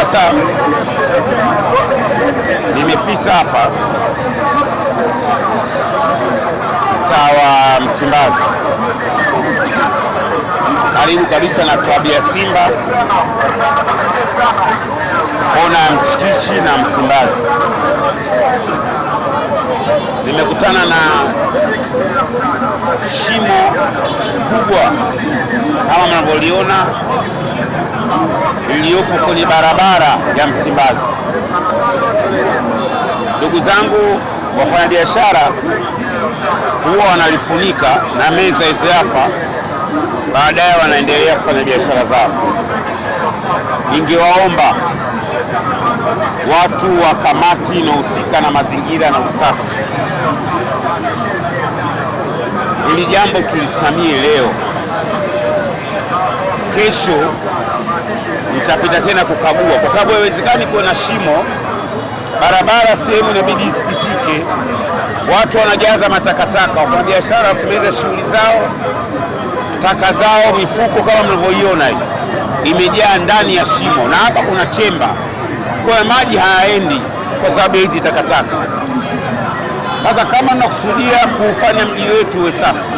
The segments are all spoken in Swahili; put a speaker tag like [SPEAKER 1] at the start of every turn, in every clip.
[SPEAKER 1] Sasa nimepita hapa tawa Msimbazi, karibu kabisa na klabu ya Simba, kona ya Mchikichi na Msimbazi nimekutana na shimo kubwa kama mnavyoliona iliyopo kwenye barabara ya Msimbazi. Ndugu zangu wafanyabiashara huwa wanalifunika na meza hizi hapa, baadaye wanaendelea kufanya biashara zao. Ningewaomba watu wa kamati inahusika na mazingira na usafi. Hili jambo tulisimamie leo. Kesho nitapita tena kukagua, kwa sababu haiwezekani kuwa na shimo barabara, sehemu inabidi isipitike, watu wanajaza matakataka, wafanyabiashara wakimaliza shughuli zao taka zao, mifuko kama mnavyoiona imejaa ndani ya shimo, na hapa kuna chemba kwa hiyo maji hayaendi kwa sababu ya hizi takataka. Sasa kama nakusudia kuufanya mji wetu uwe safi,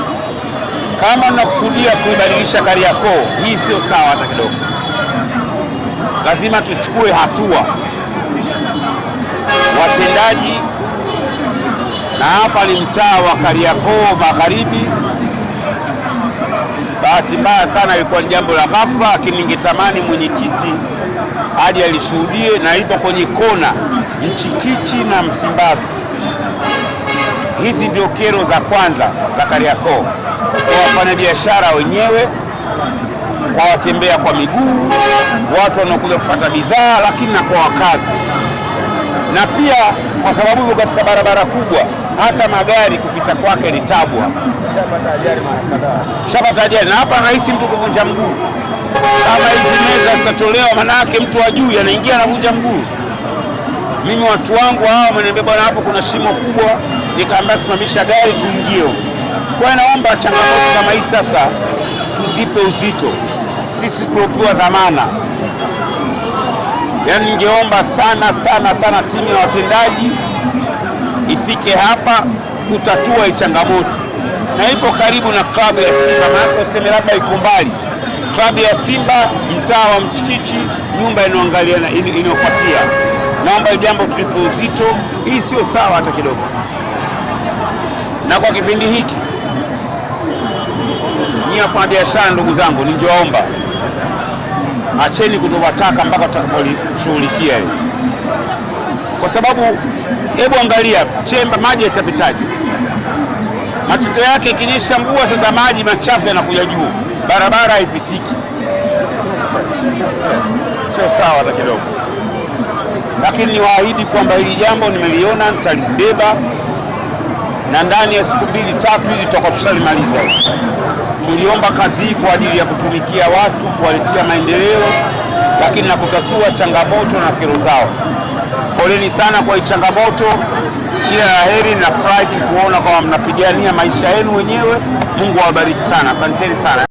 [SPEAKER 1] kama nakusudia kuibadilisha Kariakoo, hii sio sawa hata kidogo. Lazima tuchukue hatua, watendaji. Na hapa ni mtaa wa Kariakoo Magharibi bahati mbaya sana ilikuwa ni jambo la ghafla, lakini ningetamani mwenyekiti aje alishuhudie, na ipo kwenye kona Mchikichi na Msimbazi. Hizi ndio kero za kwanza za Kariakoo kwa wafanyabiashara wenyewe, kwa watembea kwa miguu, watu wanaokuja kufuata bidhaa, lakini na kwa wakazi na pia kwa sababu hivyo katika barabara kubwa hata magari kupita kwake ni tabu. Hapa shapata ajali ajali na hapa rahisi mtu kuvunja mguu. Kama hizi meza zitatolewa, manake mtu ajui, anaingia anavunja mguu. Mimi watu wangu hawa wameniambia, bwana, hapo kuna shimo kubwa, nikaambia simamisha gari tuingie. Kwa naomba changamoto kama hii sasa tuzipe uzito, sisi tuopewa dhamana Yaani ningeomba sana sana sana timu ya watendaji ifike hapa kutatua changamoto, na ipo karibu na klabu ya Simba, maana useme labda iko mbali. Klabu ya Simba mtaa wa Mchikichi, nyumba inayoangaliana inayofuatia. Naomba jambo tulipo uzito, hii sio sawa hata kidogo, na kwa kipindi hiki ni hapa biashara, ndugu zangu, ningewaomba acheni kutupa taka mpaka tutakapolishughulikia hili, kwa sababu hebu angalia chemba maji yatapitaje? Matokeo yake ikinyesha mvua, sasa maji machafu yanakuja juu, barabara haipitiki. Sio sawa hata kidogo, lakini niwaahidi kwamba hili jambo nimeliona, nitalibeba na ndani ya siku mbili tatu hizi tutakuwa tushalimaliza. Tuliomba kazi hii kwa ajili ya kutumikia watu, kuwaletea maendeleo, lakini na kutatua changamoto na kero zao. Poleni sana kwa hii changamoto, kila la heri. Nafurahi kuona kwamba mnapigania maisha yenu wenyewe. Mungu awabariki sana, asanteni sana.